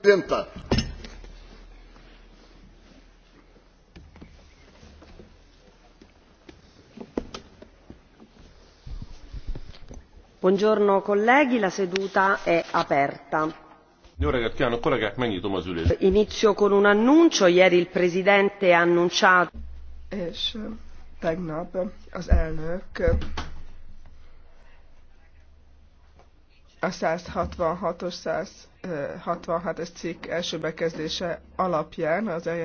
presidenta buongiorno colleghi la seduta è aperta. az inizio con un annuncio ieri il presidente ha annunciato. és tegnap az elnök a 166-os 166-es cikk első bekezdése alapján az